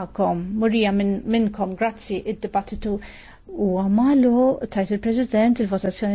għakom, murija minnkom, grazzi id-dibattitu u għamalu tajt il-President il-votazzjoni